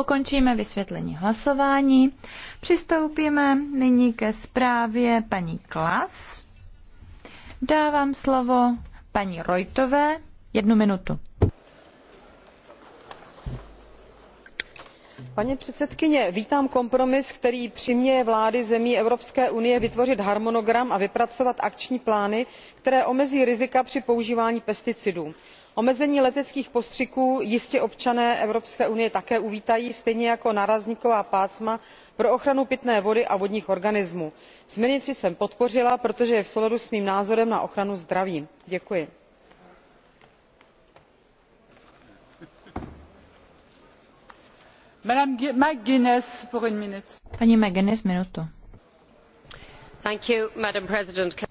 Ukončíme vysvětlení hlasování. Přistoupíme nyní ke zprávě paní Klas. Dávám slovo paní Rojtové. Jednu minutu. Paní předsedkyně, vítám kompromis, který přiměje vlády zemí Evropské unie vytvořit harmonogram a vypracovat akční plány, které omezí rizika při používání pesticidů omezení leteckých postřiků jistě občané evropské unie také uvítají stejně jako nárazníková pásma pro ochranu pitné vody a vodních organismů. směrnici jsem podpořila protože je v souladu s mým názorem na ochranu zdraví. děkuji. paní mcguinnessová minutu.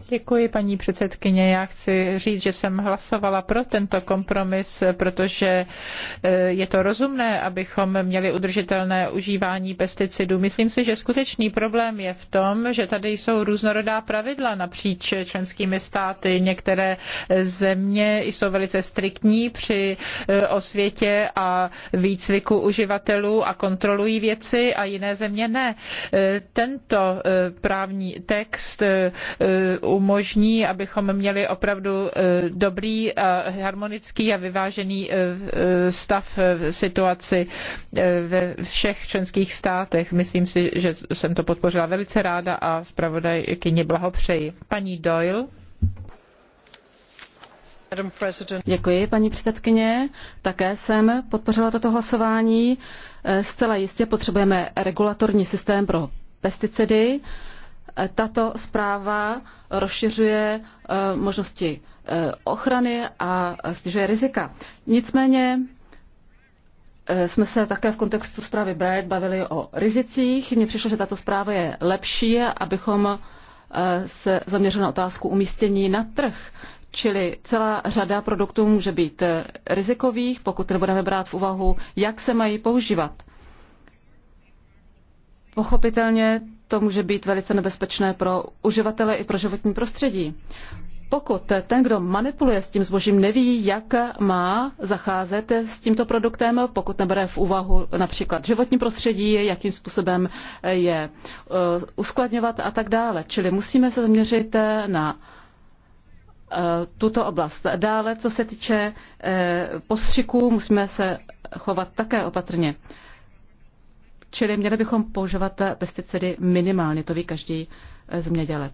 Děkuji, paní předsedkyně. Já chci říct, že jsem hlasovala pro tento kompromis, protože eh, je to rozumné, abychom měli udržitelné užívání pesticidů. Myslím si, že skutečný problém je v tom, že tady jsou různorodá pravidla napříč členskými státy. Některé eh, země jsou velice striktní při eh, osvětě a výcviku uživatelů a kontrolují věci a jiné země ne. Tento právní text umožní, abychom měli opravdu eh, dobrý, a harmonický a vyvážený eh, eh, stav situaci ve všech členských státech. Myslím si, že jsem to podpořila velice ráda a zpravodajkyni blahopřeji. Paní Doyle. Děkuji, paní předsedkyně. Také jsem podpořila toto hlasování. Zcela jistě potřebujeme regulatorní systém pro pesticidy. Tato zpráva rozšiřuje eh, možnosti eh, ochrany a snižuje rizika. Nicméně eh, jsme se také v kontextu zprávy Bright bavili o rizicích. Mně přišlo, že tato zpráva je lepší, abychom se zaměřili na otázku umístění na trh. Čili celá řada produktů může být rizikových, pokud nebudeme brát v úvahu, jak se mají používat. Pochopitelně to může být velice nebezpečné pro uživatele i pro životní prostředí. Pokud ten, kdo manipuluje s tím zbožím, neví, jak má zacházet s tímto produktem, pokud nebere v úvahu například životní prostředí, jakým způsobem je eh, uskladňovat a tak dále. Čili musíme se zaměřit eh, na eh, tuto oblast. Dále, co se týče postřiků, musíme se chovat také opatrně. Čili měli bychom používat pesticidy minimálně, to ví každý eh, zemědělec.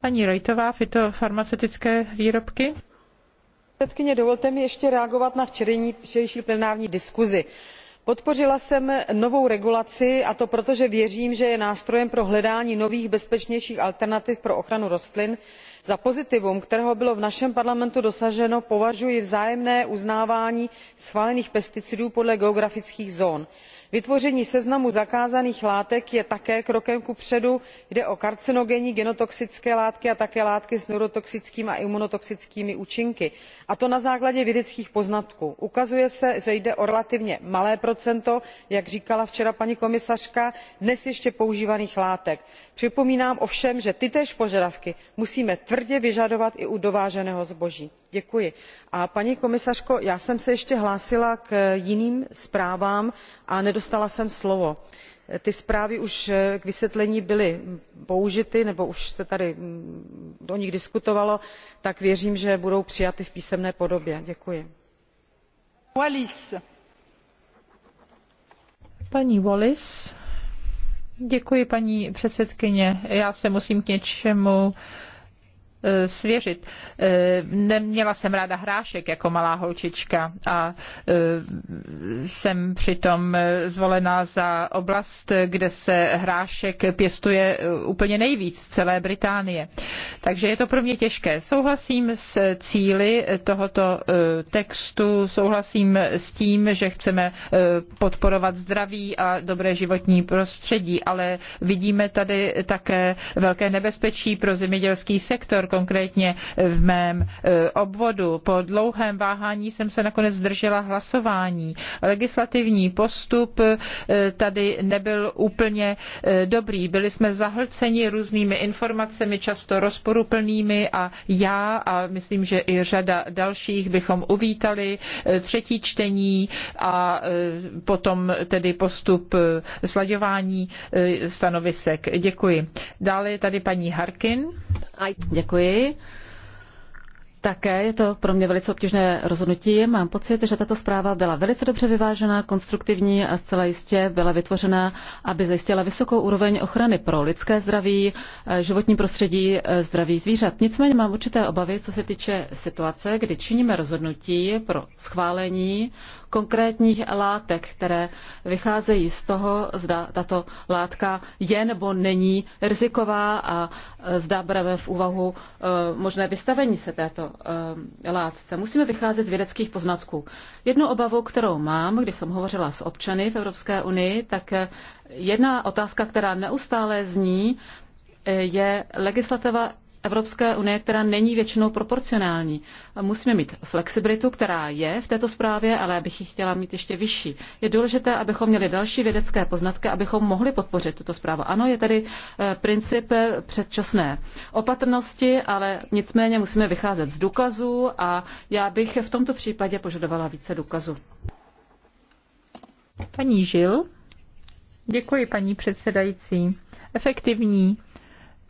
Paní Rojtová, fytofarmaceutické výrobky. Předkyně, dovolte mi ještě reagovat na včerejší plenární diskuzi podpořila jsem novou regulaci a to proto že věřím že je nástrojem pro hledání nových bezpečnějších alternativ pro ochranu rostlin za pozitivum kterého bylo v našem parlamentu dosaženo považuji vzájemné uznávání schválených pesticidů podle geografických zón vytvoření seznamu zakázaných látek je také krokem kupředu jde o karcinogenní genotoxické látky a také látky s neurotoxickými a imunotoxickými účinky a to na základě vědeckých poznatků. ukazuje se že jde o relativně malé procento jak říkala včera paní komisařka dnes ještě používaných látek. připomínám ovšem že tytéž požadavky musíme tvrdě vyžadovat i u dováženého zboží. děkuji. a paní komisařko já jsem se ještě hlásila k jiným zprávám a dostala jsem slovo. ty zprávy už eh, k vysvětlení byly použity nebo už se tady mm, o nich diskutovalo tak věřím že budou přijaty v písemné podobě. děkuji. paní wallis Děkuji, paní předsedkyně. Já se musím k něčemu Eh, svěřit. Eh, neměla jsem ráda hrášek jako malá holčička a eh, jsem přitom zvolená za oblast, kde se hrášek pěstuje úplně nejvíc z celé Británie. Takže je to pro mě těžké. Souhlasím s cíly tohoto textu, souhlasím s tím, že chceme podporovat zdraví a dobré životní prostředí, ale vidíme tady také velké nebezpečí pro zemědělský sektor, konkrétně v mém e, obvodu. Po dlouhém váhání jsem se nakonec zdržela hlasování. Legislativní postup e, tady nebyl úplně e, dobrý. Byli jsme zahlceni různými informacemi, často rozporuplnými a já a myslím, že i řada dalších bychom uvítali třetí čtení a potom tedy postup slaďování stanovisek. Děkuji. Dále je tady paní Harkin. Děkuji také. Je to pro mě velice obtížné rozhodnutí. Mám pocit, že tato zpráva byla velice dobře vyvážená, konstruktivní a zcela jistě byla vytvořena, aby zajistila vysokou úroveň ochrany pro lidské zdraví, životní prostředí, zdraví zvířat. Nicméně mám určité obavy, co se týče situace, kdy činíme rozhodnutí pro schválení konkrétních látek, které vycházejí z toho, zda tato látka je nebo není riziková a zda bereme v úvahu eh, možné vystavení se této Eh, látce. Musíme vycházet z vědeckých poznatků. Jednu obavu, kterou mám, když jsem hovořila s občany v Evropské unii, tak eh, jedna otázka, která neustále zní, eh, je legislativa Evropské unie, která není většinou proporcionální. Musíme mít flexibilitu, která je v této zprávě, ale bych ji chtěla mít ještě vyšší. Je důležité, abychom měli další vědecké poznatky, abychom mohli podpořit tuto zprávu. Ano, je tady eh, princip eh, předčasné opatrnosti, ale nicméně musíme vycházet z důkazů a já bych v tomto případě požadovala více důkazů. Paní Žil. Děkuji, paní předsedající. Efektivní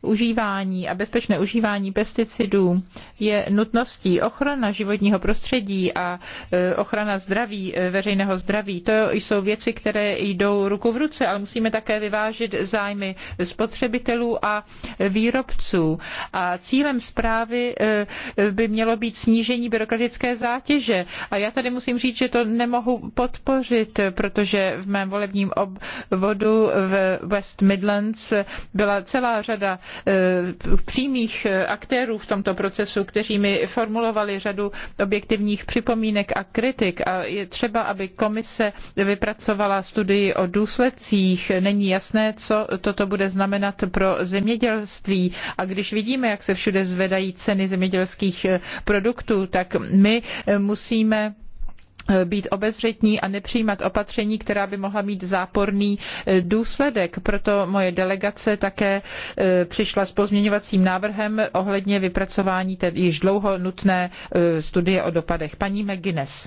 užívání a bezpečné užívání pesticidů je nutností. Ochrana životního prostředí a e, ochrana zdraví, e, veřejného zdraví, to jsou věci, které jdou ruku v ruce, ale musíme také vyvážit zájmy spotřebitelů a výrobců. A cílem zprávy e, by mělo být snížení byrokratické zátěže. A já tady musím říct, že to nemohu podpořit, protože v mém volebním obvodu v West Midlands byla celá řada Eh, přímých eh, aktérů v tomto procesu, kteří mi formulovali řadu objektivních připomínek a kritik. A je třeba, aby komise vypracovala studii o důsledcích. Není jasné, co toto bude znamenat pro zemědělství. A když vidíme, jak se všude zvedají ceny zemědělských eh, produktů, tak my musíme Eh, být obezřetní a nepřijímat opatření, která by mohla mít záporný eh, důsledek. Proto moje delegace také eh, přišla s pozměňovacím návrhem ohledně vypracování tedy již dlouho nutné studie o dopadech. Paní McGuinness.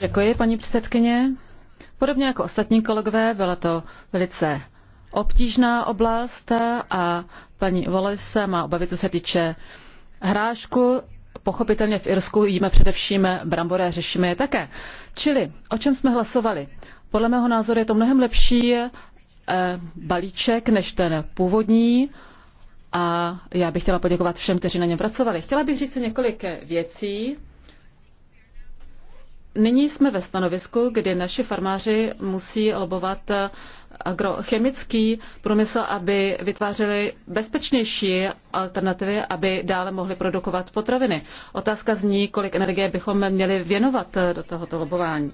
Děkuji, paní předsedkyně. Podobně jako ostatní kolegové, byla to velice obtížná oblast a paní Wallace má obavy, co se týče hrášku pochopitelně v Irsku jíme především brambory a řešíme je také. Čili o čem jsme hlasovali? Podle mého názoru je to mnohem lepší eh, balíček než ten původní a já bych chtěla poděkovat všem, kteří na něm pracovali. Chtěla bych říct několik věcí. Nyní jsme ve stanovisku, kdy naši farmáři musí lobovat eh, agrochemický průmysl, aby vytvářeli bezpečnější alternativy, aby dále mohli produkovat potraviny. Otázka zní, kolik energie bychom měli věnovat eh, do tohoto lobování.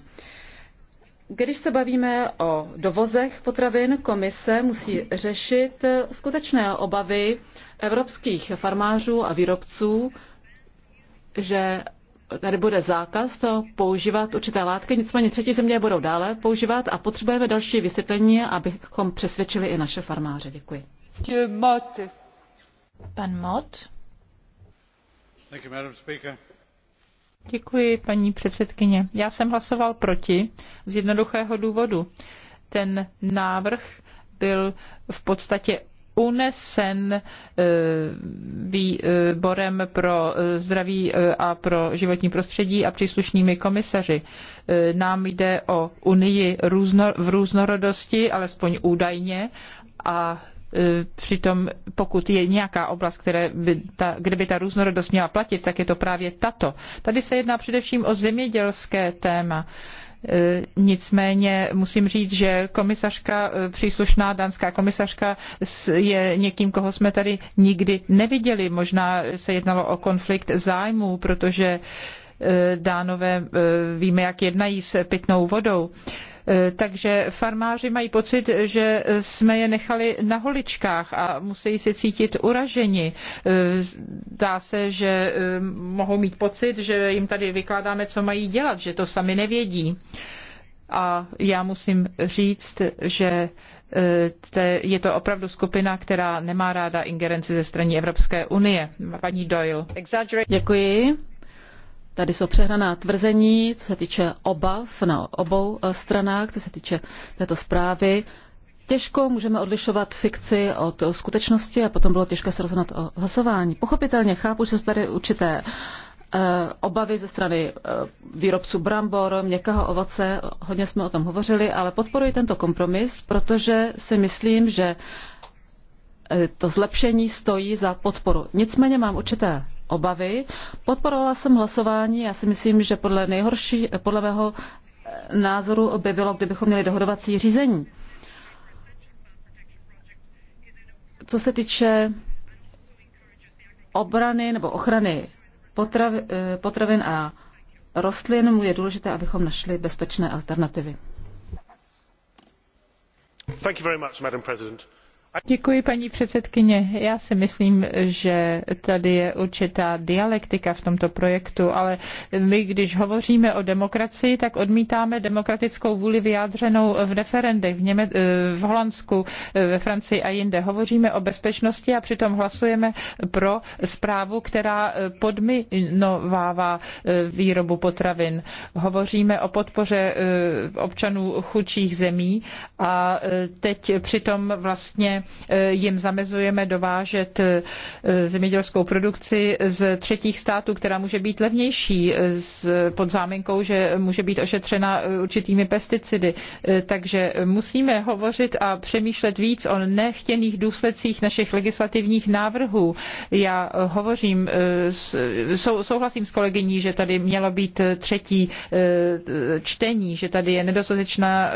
Když se bavíme o dovozech potravin, komise musí řešit eh, skutečné obavy evropských farmářů a výrobců, že tady bude zákaz to používat určité látky, nicméně třetí země budou dále používat a potřebujeme další vysvětlení, abychom přesvědčili i naše farmáře. Děkuji. Pan Mot. Děkuji, paní předsedkyně. Já jsem hlasoval proti z jednoduchého důvodu. Ten návrh byl v podstatě unesen eh, výborem pro eh, zdraví eh, a pro životní prostředí a příslušnými komisaři. Nám jde o unii v různorodosti, alespoň údajně, a přitom pokud je nějaká oblast, které by ta, kde by ta různorodost měla platit, tak je to právě tato. Tady se jedná především o zemědělské téma. E, nicméně musím říct, že komisařka, e, příslušná dánská komisařka je někým, koho jsme tady nikdy neviděli. Možná se jednalo o konflikt zájmů, protože e, dánové víme, jak jednají s pitnou vodou. Eh, takže farmáři mají pocit, že jsme je nechali na holičkách a musí se cítit uraženi. Eh, Dá se, že eh, mohou mít pocit, že jim tady vykládáme, co mají dělat, že to sami nevědí. A já musím říct, že je to opravdu skupina, která nemá ráda ingerenci ze strany Evropské unie. Paní Doyle. Děkuji Tady jsou přehraná tvrzení, co se týče obav na obou eh, stranách, co se týče této zprávy. Těžko můžeme odlišovat fikci od skutečnosti a potom bylo těžké se rozhodnout o hlasování. Pochopitelně chápu, že jsou tady určité eh, obavy ze strany eh, výrobců brambor, měkkého ovoce, hodně jsme o tom hovořili, ale podporuji tento kompromis, protože si myslím, že to zlepšení stojí za podporu. Nicméně mám určité obavy. Podporovala jsem hlasování. Já si myslím, že podle nejhorší, podle mého eh, názoru by bylo, kdybychom měli dohodovací řízení. Co se týče obrany nebo ochrany potrav, eh, potravin a rostlin, je důležité, abychom našli bezpečné alternativy. Thank you very much, Madam President. Děkuji, paní předsedkyně. Já si myslím, že tady je určitá dialektika v tomto projektu, ale my, když hovoříme o demokracii, tak odmítáme demokratickou vůli vyjádřenou v referendech v, Něme- v Holandsku, ve Francii a jinde. Hovoříme o bezpečnosti a přitom hlasujeme pro zprávu, která podminovává e, výrobu potravin. Hovoříme o podpoře e, občanů chudších zemí a e, teď přitom vlastně Eh, jim zamezujeme dovážet eh, zemědělskou produkci z třetích států, která může být levnější eh, pod záminkou, že může být ošetřena určitými pesticidy. Takže musíme hovořit a přemýšlet víc o nechtěných důsledcích našich legislativních návrhů. Já hovořím, souhlasím s kolegyní, že tady mělo být třetí čtení, že tady je nedostatečná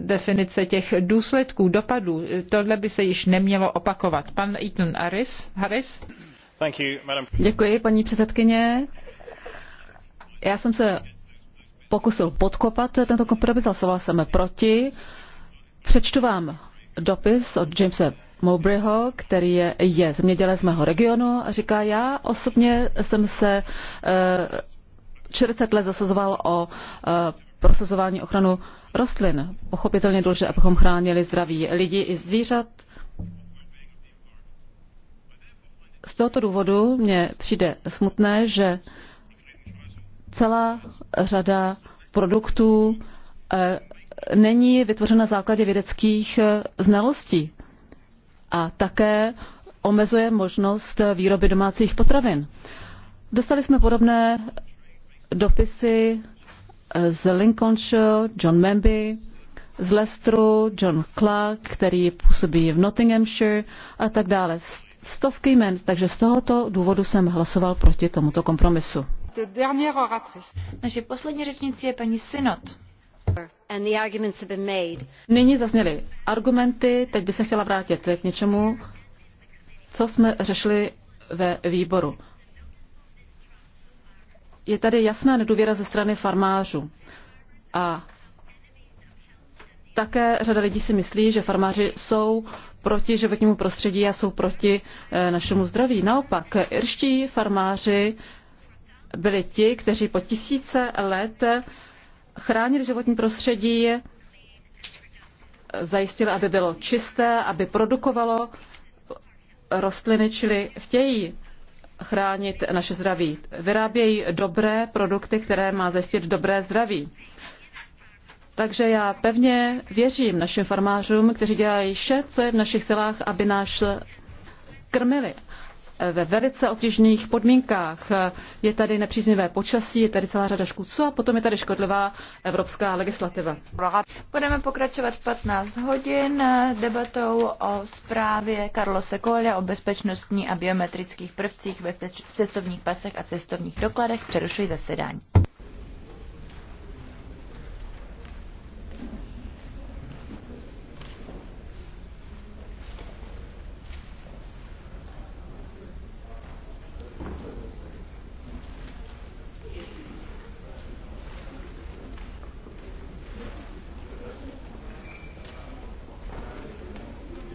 definice těch důsledků, dopadů důvodů. Tohle by se již nemělo opakovat. Pan Eaton Harris. Harris. Děkuji, paní předsedkyně. Já jsem se pokusil podkopat tento kompromis, hlasoval jsem proti. Přečtu vám dopis od Jamesa Mowbrayho, který je, je zemědělec z mého regionu a říká, já osobně jsem se uh, eh, 40 let zasazoval o uh, prosazování ochranu rostlin. Pochopitelně důležité, abychom chránili zdraví lidí i zvířat. Z tohoto důvodu mě přijde smutné, že celá řada produktů eh, není vytvořena na základě vědeckých eh, znalostí a také omezuje možnost eh, výroby domácích potravin. Dostali jsme podobné dopisy z Lincolnshire, John Memby, z Leicesteru, John Clark, který působí v Nottinghamshire a tak dále. Stovky jmen, takže z tohoto důvodu jsem hlasoval proti tomuto kompromisu. Naše poslední řečnici je paní Synod. Nyní zazněly argumenty, teď by se chtěla vrátit k něčemu, co jsme řešili ve výboru je tady jasná nedůvěra ze strany farmářů. A také řada lidí si myslí, že farmáři jsou proti životnímu prostředí a jsou proti eh, našemu zdraví. Naopak, irští farmáři byli ti, kteří po tisíce let chránili životní prostředí, zajistili, aby bylo čisté, aby produkovalo rostliny, čili chtějí chránit naše zdraví. Vyrábějí dobré produkty, které má zajistit dobré zdraví. Takže já pevně věřím našim farmářům, kteří dělají vše, co je v našich silách, aby náš krmili ve velice obtížných podmínkách. Je tady nepříznivé počasí, je tady celá řada škůdců a potom je tady škodlivá evropská legislativa. Budeme pokračovat v 15 hodin debatou o zprávě Karlose Koelia o bezpečnostní a biometrických prvcích ve cestovních pasech a cestovních dokladech. Přerušuji zasedání.